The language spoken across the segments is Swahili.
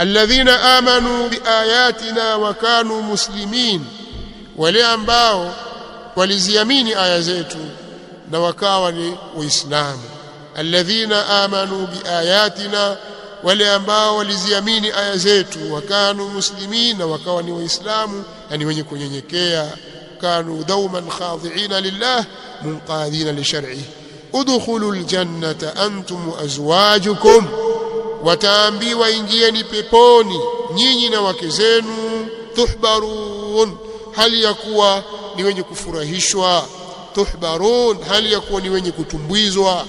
alladhina amanu biayatina wa kanu muslimin, wale ambao waliziamini aya zetu na wakawa ni Waislamu. Alladhina amanu biayatina, wale ambao waliziamini aya zetu, wakanu muslimin, na wakawa ni Waislamu, yani wenye kunyenyekea. Kanu dhauman khadiina lillah munqadina lishar'ih. Udkhulu ljannata antum waazwajukum wataambiwa ingieni peponi nyinyi na wake zenu, tuhbarun, hali ya kuwa ni wenye kufurahishwa, tuhbarun, hali ya kuwa ni wenye kutumbwizwa.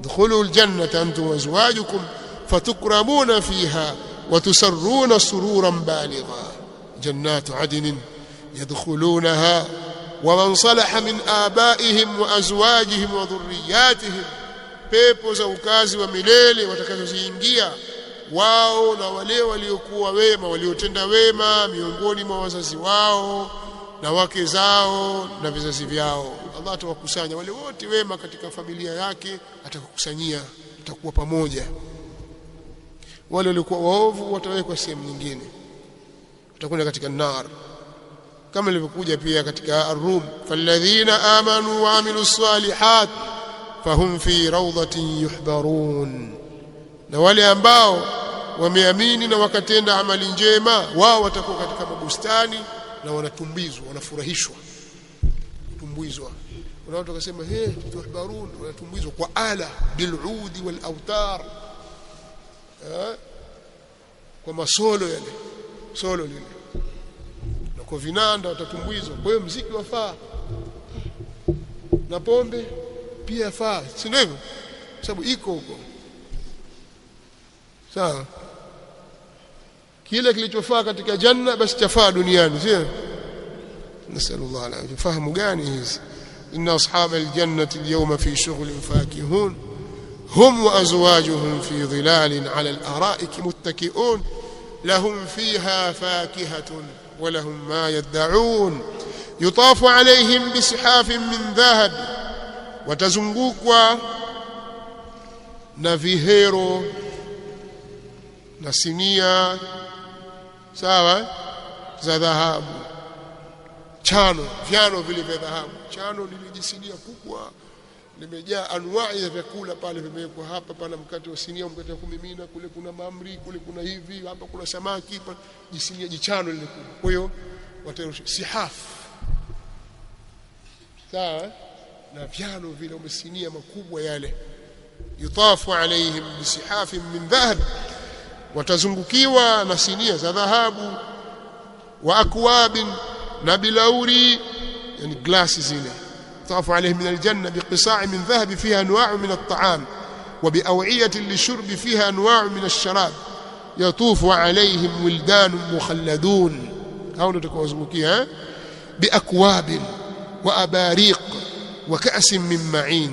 Dukhulu ljannata antum wazwajukum fatukramuna fiha watusarruna sururan baligha jannatu adnin yadkhulunaha waman salaha min abaihim waazwajihim wadhurriyatihim pepo za ukazi wa milele watakazoziingia wao na wale waliokuwa wema, waliotenda wema miongoni mwa wazazi wao na wake zao na vizazi vyao. Allah atawakusanya wale wote wema katika familia yake, atakukusanyia, atakuwa pamoja. Wale waliokuwa waovu watawekwa sehemu nyingine, watakwenda katika nar, kama ilivyokuja pia katika Ar-Rum, falladhina amanu wa amilu salihat fahum fi raudhatin yuhbarun, na wale ambao wameamini na wakatenda amali njema, wao watakuwa katika mabustani na wanatumbizwa, wanafurahishwa, tumbizwa. Kuna watu wakasema he, tuhbarun, wanatumbizwa kwa ala biludi walautar, kwa masolo yale solo lile na kwa vinanda watatumbizwa. Kwa hiyo mziki wafaa na pombe PFR si ndivyo sababu iko huko sawa kile kilichofaa katika janna basi chafaa duniani sio nasallallahu alayhi fahamu gani hizi inna ashabal jannati alyawma fi shughlin fakihun hum wa azwajuhum fi dhilalin ala al-ara'ik muttaki'un lahum fiha fakihatun wa lahum ma yad'un yutafu alayhim bisihafin min dhahab watazungukwa na vihero na sinia sawa za dhahabu chano vyano vile vya dhahabu chano lilijisinia kubwa limejaa anwai ya vyakula pale vimewekwa hapa pana mkate wa sinia mkate wa kumimina kule kuna mamri kule kuna hivi hapa kuna samaki jisinia jichano lile kwa hiyo watayo sihafu sawa eh? na vyalo vile umesinia makubwa yale yutafu alaihim bisihafi min dhahab watazungukiwa na sinia za dhahabu wa akwabin na bilauri yani glasi zile yutafu alaihim min aljanna biqisa'i min dhahab fiha anwa'u min at'am at-ta'am وبأوعية للشرب فيها أنواع من الشراب يطوف عليهم ولدان مخلدون هاو نتكوزمكي ها wa abariq wa ka'sin min ma'in,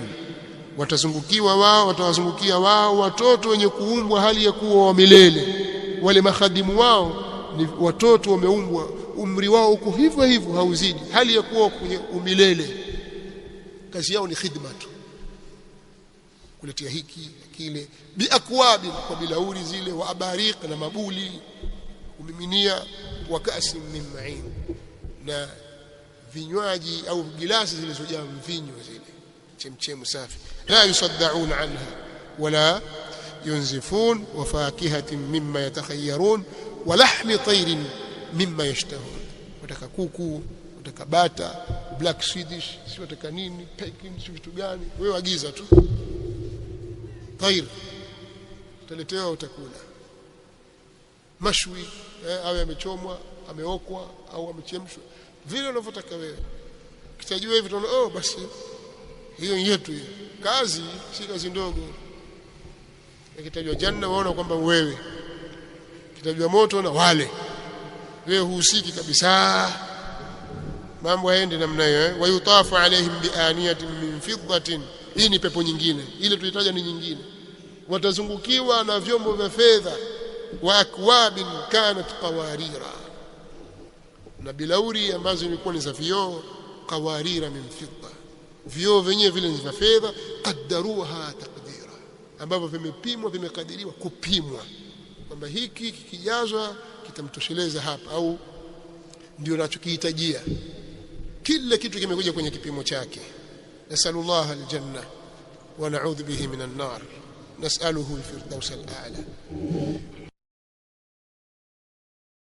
watazungukiwa wao, watawazungukia wao watoto wenye kuumbwa hali ya kuwa wa milele. Wale mahadimu wao ni watoto wameumbwa, umri wao uko hivyo hivyo, hauzidi, hali ya kuwa kwenye umilele. Kazi yao ni khidma tu, kuletea hiki kile, biakwabi, kwa bilauri zile, wa abariq, na mabuli, kumiminia wa ka'sin min ma'in na vinywaji au gilasi zilizojaa mvinyo zile chemchemu safi, la yusaddaun anha wala yunzifun wa fakihatin mimma yatakhayyarun wa lahmi tairin mimma yashtahun. Wataka kuku, wataka bata, black swedish, si wataka nini, pekin, si vitu gani, wewe agiza tu, tair utaletewa, utakula mashwi eh, awe amechomwa ameokwa au amechemshwa vile unavyotaka wewe kitajua hivi tunaona oh basi hiyo yetu hiyo kazi si kazi ndogo Kitajua janna waona kwamba wewe Kitajua moto na wale wewe huhusiki kabisa mambo yaende namna hiyo eh? wayutafu alaihim bianiyatin min fiddatin hii ni pepo nyingine ile tuitaja ni nyingine watazungukiwa na vyombo vya fedha wa akwabin kanat qawarira na bilauri ambazo ilikuwa ni za vioo kawarira min fidda vioo vyenyewe vile ni vya fedha qaddaruha taqdira ambavyo vimepimwa vimekadiriwa kupimwa kwamba hiki kikijazwa kitamtosheleza hapa au ndio nachokihitajia kila kitu kimekuja kwenye kipimo chake nasallallahu aljanna wa na'udhu bihi min nar nas'aluhu lfirdaus al'ala